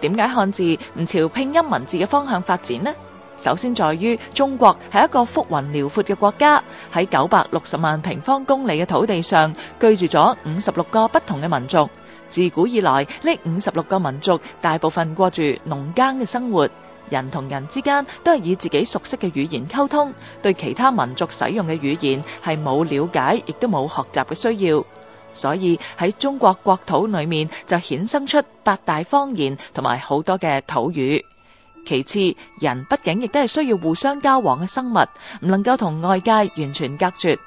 點解漢字唔朝拼音文字嘅方向發展呢？首先，在於中國係一個幅員遼闊嘅國家，喺九百六十萬平方公里嘅土地上，居住咗五十六個不同嘅民族。自古以來，呢五十六個民族大部分過住農耕嘅生活，人同人之間都係以自己熟悉嘅語言溝通，對其他民族使用嘅語言係冇瞭解，亦都冇學習嘅需要。所以喺中國國土裏面就衍生出八大方言同埋好多嘅土語。其次，人畢竟亦都係需要互相交往嘅生物，唔能夠同外界完全隔絕。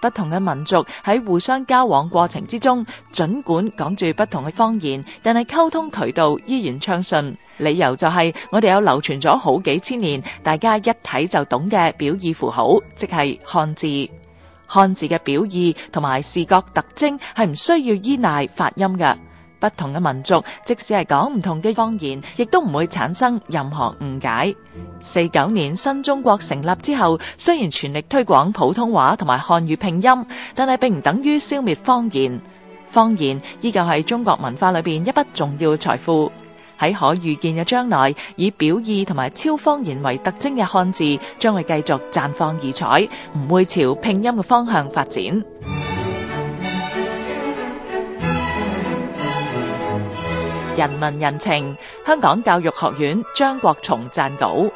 不同嘅民族喺互相交往過程之中，盡管講住不同嘅方言，但係溝通渠道依然暢順。理由就係、是、我哋有流傳咗好幾千年，大家一睇就懂嘅表意符號，即係漢字。漢字嘅表意同埋視覺特徵係唔需要依賴發音嘅。不同嘅民族，即使係講唔同嘅方言，亦都唔會產生任何誤解。四九年新中國成立之後，雖然全力推廣普通話同埋漢語拼音，但係並唔等於消滅方言。方言依舊係中國文化裏面一筆重要財富。喺可預見嘅將來，以表意同埋超方言為特徵嘅漢字，將會繼續綻放異彩，唔會朝拼音嘅方向發展。人民人情，香港教育學院張國松撰稿。